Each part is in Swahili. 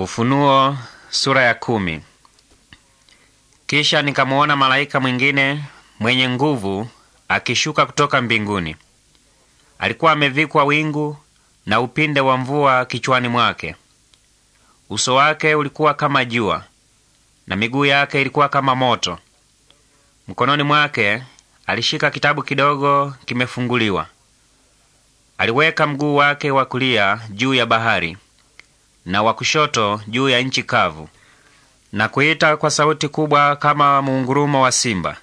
Ufunuo sura ya kumi. Kisha nikamuona malaika mwingine mwenye nguvu akishuka kutoka mbinguni. Alikuwa amevikwa wingu na upinde wa mvua kichwani mwake. Uso wake ulikuwa kama jua na miguu yake ilikuwa kama moto. Mkononi mwake alishika kitabu kidogo kimefunguliwa. Aliweka mguu wake wa kulia juu ya bahari na wa kushoto juu ya nchi kavu, na kuita kwa sauti kubwa kama muungurumo wa simba.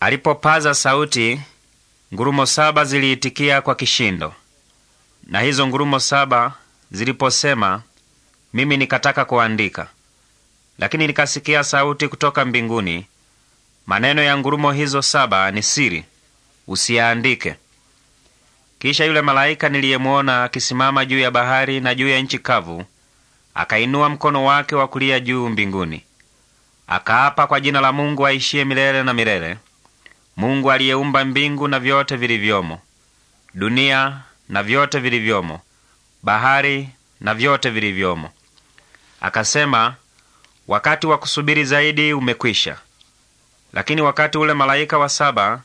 Alipopaza sauti, ngurumo saba ziliitikia kwa kishindo. Na hizo ngurumo saba ziliposema, mimi nikataka kuandika, lakini nikasikia sauti kutoka mbinguni, maneno ya ngurumo hizo saba ni siri, usiyaandike. Kisha yule malaika niliyemwona akisimama juu ya bahari na juu ya nchi kavu akainua mkono wake wa kulia juu mbinguni, akaapa kwa jina la Mungu aishiye milele na milele, Mungu aliyeumba mbingu na vyote vilivyomo, dunia na vyote vilivyomo, bahari na vyote vilivyomo. Akasema, wakati wa kusubiri zaidi umekwisha. Lakini wakati ule malaika wa saba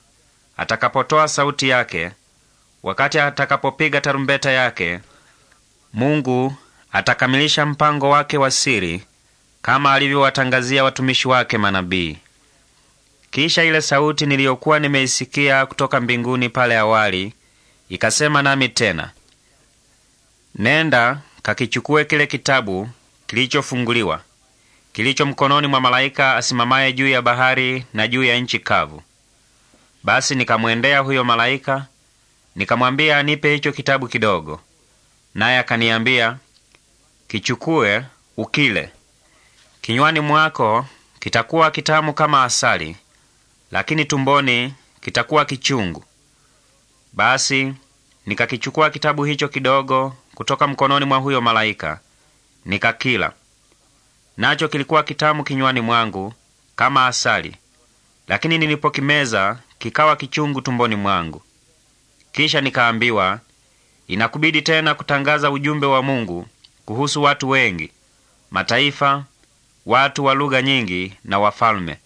atakapotoa sauti yake Wakati atakapopiga tarumbeta yake, Mungu atakamilisha mpango wake wa siri kama alivyowatangazia watumishi wake manabii. Kisha ile sauti niliyokuwa nimeisikia kutoka mbinguni pale awali ikasema nami tena, nenda kakichukue kile kitabu kilichofunguliwa kilicho mkononi mwa malaika asimamaye juu ya bahari na juu ya nchi kavu. Basi nikamwendea huyo malaika Nikamwambia nipe hicho kitabu kidogo, naye akaniambia, kichukue ukile, kinywani mwako kitakuwa kitamu kama asali, lakini tumboni kitakuwa kichungu. Basi nikakichukua kitabu hicho kidogo kutoka mkononi mwa huyo malaika, nikakila. Nacho kilikuwa kitamu kinywani mwangu kama asali, lakini nilipokimeza kikawa kichungu tumboni mwangu. Kisha nikaambiwa inakubidi tena kutangaza ujumbe wa Mungu kuhusu watu wengi, mataifa, watu wa lugha nyingi na wafalme.